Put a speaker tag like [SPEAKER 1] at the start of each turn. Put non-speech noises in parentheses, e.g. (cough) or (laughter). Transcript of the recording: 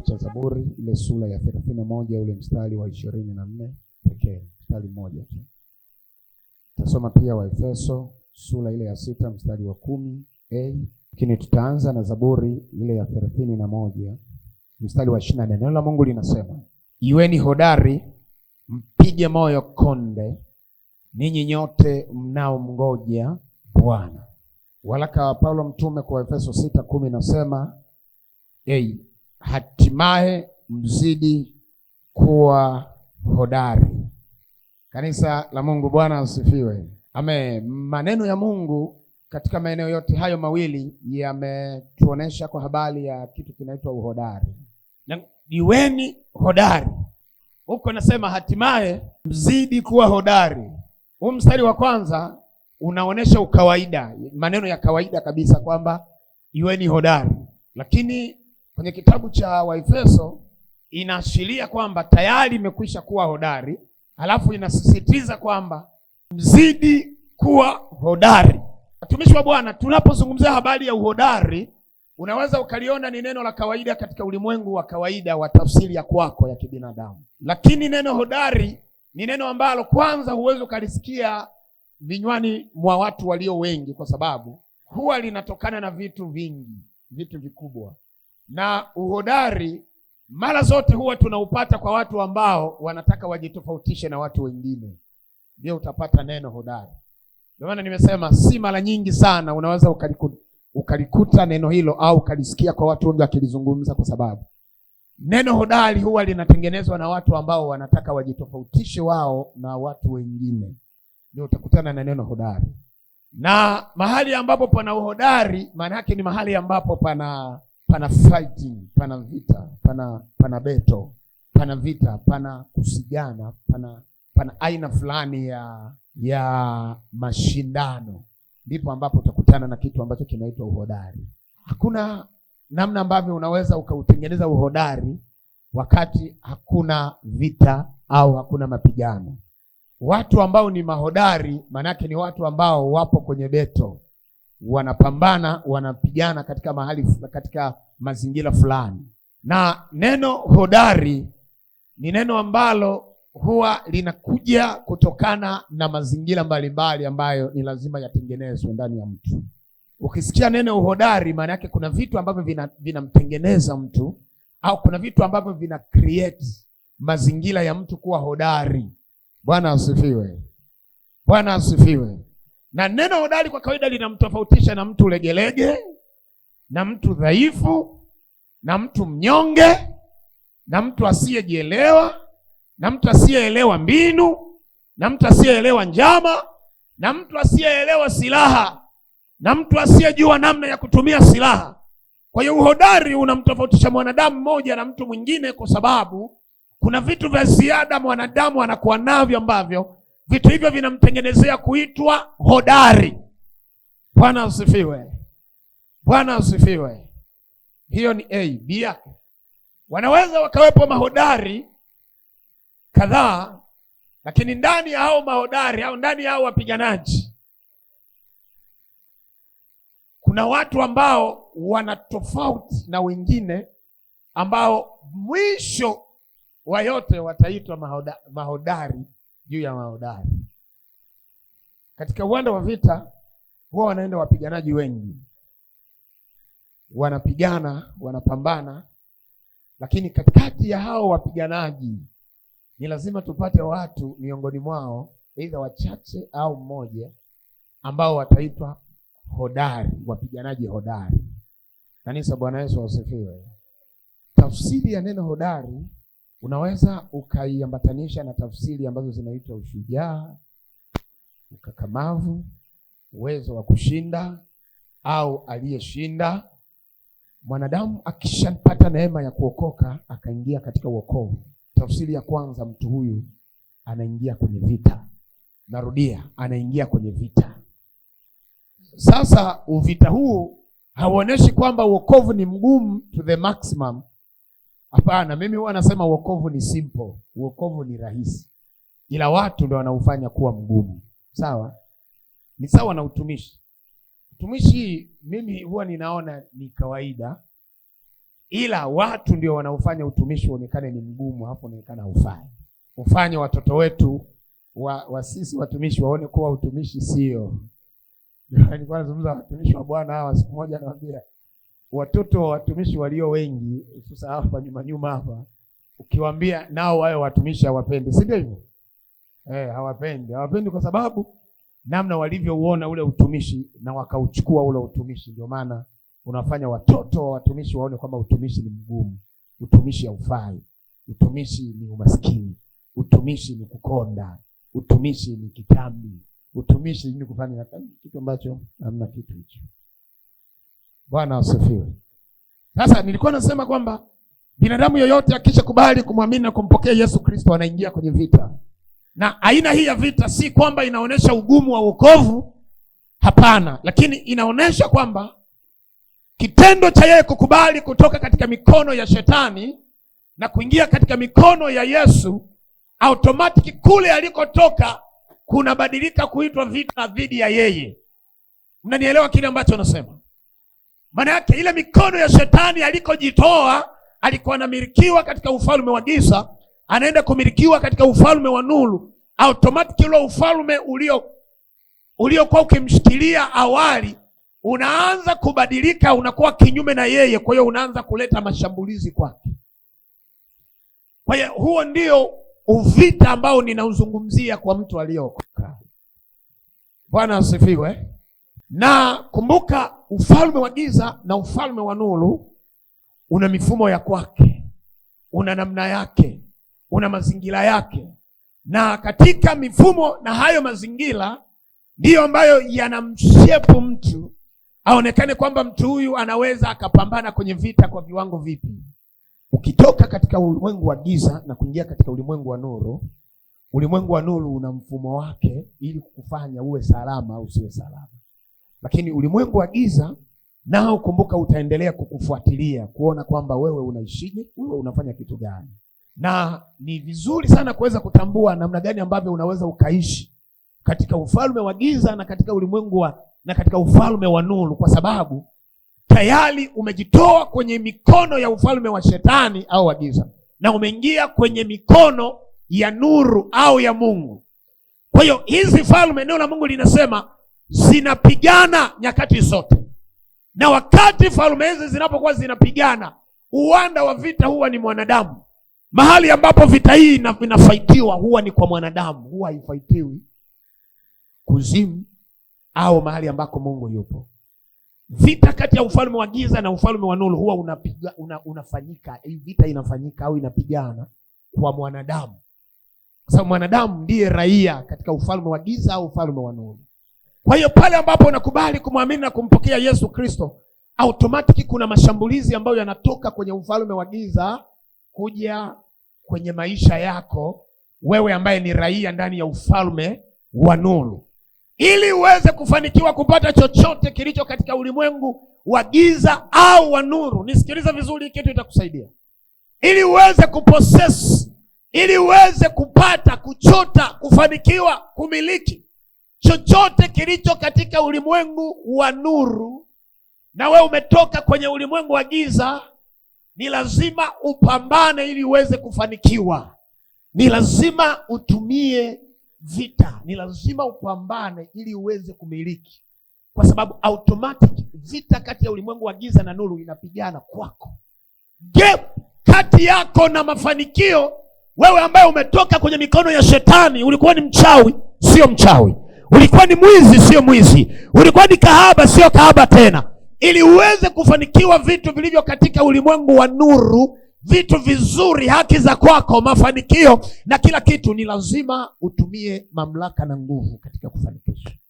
[SPEAKER 1] kitabu cha Zaburi ile sura ya thelathini na moja ule mstari wa ishirini na nne pekee, mstari mmoja tu. Tutasoma pia Waefeso sura ile ya sita mstari wa kumi a, lakini tutaanza na Zaburi ile ya thelathini na moja mstari wa ishirini na nne. Neno la Mungu linasema,
[SPEAKER 2] iweni hodari, mpige moyo konde, ninyi nyote mnaomngoja Bwana. Waraka wa Paulo mtume kwa Efeso sita kumi nasema hey, hatimaye mzidi kuwa hodari. Kanisa la Mungu, Bwana asifiwe. amen. maneno ya Mungu katika maeneo yote hayo mawili yametuonesha kwa habari ya kitu kinaitwa uhodari, na hodari huko nasema hatimaye mzidi kuwa hodari. Huu mstari wa kwanza unaonyesha ukawaida, maneno ya kawaida kabisa kwamba iweni hodari, lakini kwenye kitabu cha Waefeso inaashiria kwamba tayari imekwisha kuwa hodari, alafu inasisitiza kwamba mzidi kuwa hodari. Watumishi wa Bwana, tunapozungumzia habari ya uhodari, unaweza ukaliona ni neno la kawaida katika ulimwengu wa kawaida wa tafsiri ya kwako ya kibinadamu, lakini neno hodari ni neno ambalo kwanza huwezi ukalisikia vinywani mwa watu walio wengi, kwa sababu huwa linatokana na vitu vingi, vitu vikubwa na uhodari mara zote huwa tunaupata kwa watu ambao wanataka wajitofautishe na watu wengine, ndio utapata neno hodari. Ndio maana nimesema si mara nyingi sana unaweza ukalikuta, ukalikuta neno hilo au ukalisikia kwa watu wengi wakilizungumza, kwa sababu neno hodari huwa linatengenezwa na watu ambao wanataka wajitofautishe wao na watu wengine, ndio utakutana na neno hodari. Na mahali ambapo pana uhodari, maana yake ni mahali ambapo pana pana fighting, pana vita, pana pana beto, pana vita, pana kusigana, pana pana aina fulani ya ya mashindano, ndipo ambapo utakutana na kitu ambacho kinaitwa uhodari. Hakuna namna ambavyo unaweza ukautengeneza uhodari wakati hakuna vita au hakuna mapigano. Watu ambao ni mahodari, maanake ni watu ambao wapo kwenye beto wanapambana, wanapigana katika mahali, katika mazingira fulani. Na neno hodari ni neno ambalo huwa linakuja kutokana na mazingira mbalimbali ambayo ni lazima yatengenezwe ndani ya mtu. Ukisikia neno uhodari, maana yake kuna vitu ambavyo vinamtengeneza vina mtu au kuna vitu ambavyo vina create mazingira ya mtu kuwa hodari. Bwana asifiwe! Bwana asifiwe! Na neno hodari kwa kawaida linamtofautisha na mtu legelege, na mtu dhaifu, na mtu mnyonge, na mtu asiyejielewa, na mtu asiyeelewa mbinu, na mtu asiyeelewa njama, na mtu asiyeelewa silaha, na mtu asiyejua namna ya kutumia silaha. Kwa hiyo uhodari unamtofautisha mwanadamu mmoja na mtu mwingine, kwa sababu kuna vitu vya ziada mwanadamu anakuwa navyo ambavyo Vitu hivyo vinamtengenezea kuitwa hodari. Bwana asifiwe, Bwana asifiwe. Hiyo ni A B yake. Wanaweza wakawepo mahodari kadhaa, lakini ndani ya hao mahodari au ndani ya hao wapiganaji kuna watu ambao wana tofauti na wengine ambao mwisho wa yote wataitwa mahodari juu ya mahodari. Katika uwanda wa vita huwa wanaenda wapiganaji wengi, wanapigana, wanapambana, lakini katikati ya hao wapiganaji ni lazima tupate watu miongoni mwao, aidha wachache au mmoja, ambao wataitwa hodari, wapiganaji hodari. Kanisa, Bwana Yesu wasifiwe. Tafsiri ya neno hodari Unaweza ukaiambatanisha na tafsiri ambazo zinaitwa ushujaa, ukakamavu, uwezo wa kushinda au aliyeshinda. Mwanadamu akishapata neema ya kuokoka akaingia katika uokovu, tafsiri ya kwanza, mtu huyu anaingia kwenye vita. Narudia, anaingia kwenye vita. Sasa uvita huu hauoneshi kwamba uokovu ni mgumu to the maximum Hapana, mimi huwa nasema uokovu ni simple, uokovu ni rahisi, ila watu ndio wanaufanya kuwa mgumu. Sawa, ni sawa na utumishi. Utumishi mimi huwa ninaona ni kawaida, ila watu ndio wanaofanya utumishi uonekane ni mgumu, hapo unaonekana haufai. Ufanye watoto wetu wa, wa sisi watumishi waone kuwa utumishi sio. (laughs) Nilikuwa nazungumza watumishi wa Bwana hawa siku moja, nawaambia watoto wa watumishi walio wengi hususa hapa nyuma nyuma hapa, ukiwaambia nao wawe watumishi hawapendi, si ndio hivyo? Eh, hawapendi, hawapendi kwa sababu namna walivyouona ule utumishi na wakauchukua ule utumishi. Ndio maana unafanya watoto wa watumishi waone kwamba utumishi ni mgumu, utumishi haufai, utumishi ni umaskini, utumishi ni kukonda, utumishi ni kitambi, utumishi ni kufanya kitu ambacho hamna kitu hicho. Bwana asifiwe. Sasa nilikuwa nasema kwamba binadamu yoyote akisha kubali kumwamini na kumpokea Yesu Kristo anaingia kwenye vita, na aina hii ya vita si kwamba inaonyesha ugumu wa wokovu, hapana, lakini inaonyesha kwamba kitendo cha yeye kukubali kutoka katika mikono ya shetani na kuingia katika mikono ya Yesu, automatic kule alikotoka kunabadilika kuitwa vita dhidi ya yeye. Mnanielewa kile ambacho nasema? Maana yake ile mikono ya shetani alikojitoa, alikuwa anamilikiwa katika ufalme wa giza, anaenda kumilikiwa katika ufalme wa nuru. Automatic ule ufalme ulio uliokuwa ukimshikilia awali unaanza kubadilika, unakuwa kinyume na yeye, kwa hiyo unaanza kuleta mashambulizi kwake. Kwa hiyo huo ndio uvita ambao ninauzungumzia kwa mtu aliyeokoka. Bwana asifiwe. Na kumbuka Ufalme wa giza na ufalme wa nuru una mifumo ya kwake, una namna yake, una mazingira yake, na katika mifumo na hayo mazingira ndiyo ambayo yanamshepu mtu aonekane kwamba mtu huyu anaweza akapambana kwenye vita kwa viwango vipi. Ukitoka katika ulimwengu wa giza na kuingia katika ulimwengu wa nuru, ulimwengu wa nuru una mfumo wake ili kukufanya uwe salama au usiwe salama. Lakini ulimwengu wa giza nao, kumbuka, utaendelea kukufuatilia kuona kwamba wewe unaishije, wewe unafanya kitu gani. Na ni vizuri sana kuweza kutambua namna gani ambavyo unaweza ukaishi katika ufalme wa giza na katika ulimwengu wa na katika ufalme wa nuru, kwa sababu tayari umejitoa kwenye mikono ya ufalme wa shetani au wa giza na umeingia kwenye mikono ya nuru au ya Mungu. Kwa hiyo hizi falme, neno la Mungu linasema zinapigana nyakati zote, na wakati falme hizi zinapokuwa zinapigana, uwanda wa vita huwa ni mwanadamu. Mahali ambapo vita hii inafaitiwa huwa ni kwa mwanadamu, huwa haifaitiwi kuzimu au mahali ambako Mungu yupo. Vita kati ya ufalme wa giza na ufalme wa nuru huwa unapiga, una, unafanyika hii vita inafanyika au inapigana kwa mwanadamu, kwa sababu mwanadamu ndiye raia katika ufalme wa giza au ufalme wa nuru. Kwa hiyo pale ambapo unakubali kumwamini na kumpokea Yesu Kristo, automatic kuna mashambulizi ambayo yanatoka kwenye ufalme wa giza kuja kwenye maisha yako wewe, ambaye ni raia ndani ya ufalme wa nuru. Ili uweze kufanikiwa kupata chochote kilicho katika ulimwengu wa giza au wa nuru, nisikilize vizuri, kitu itakusaidia ili uweze kuposesi, ili uweze kupata, kuchota, kufanikiwa, kumiliki chochote kilicho katika ulimwengu wa nuru na we umetoka kwenye ulimwengu wa giza, ni lazima upambane ili uweze kufanikiwa. Ni lazima utumie vita, ni lazima upambane ili uweze kumiliki, kwa sababu automatic vita kati ya ulimwengu wa giza na nuru inapigana kwako. Je, kati yako na mafanikio, wewe ambaye umetoka kwenye mikono ya shetani, ulikuwa ni mchawi? Sio mchawi, Ulikuwa ni mwizi, sio mwizi. Ulikuwa ni kahaba, sio kahaba tena. Ili uweze kufanikiwa vitu vilivyo katika ulimwengu wa nuru, vitu vizuri, haki za kwako, mafanikio na kila kitu, ni lazima utumie mamlaka na nguvu katika kufanikisha.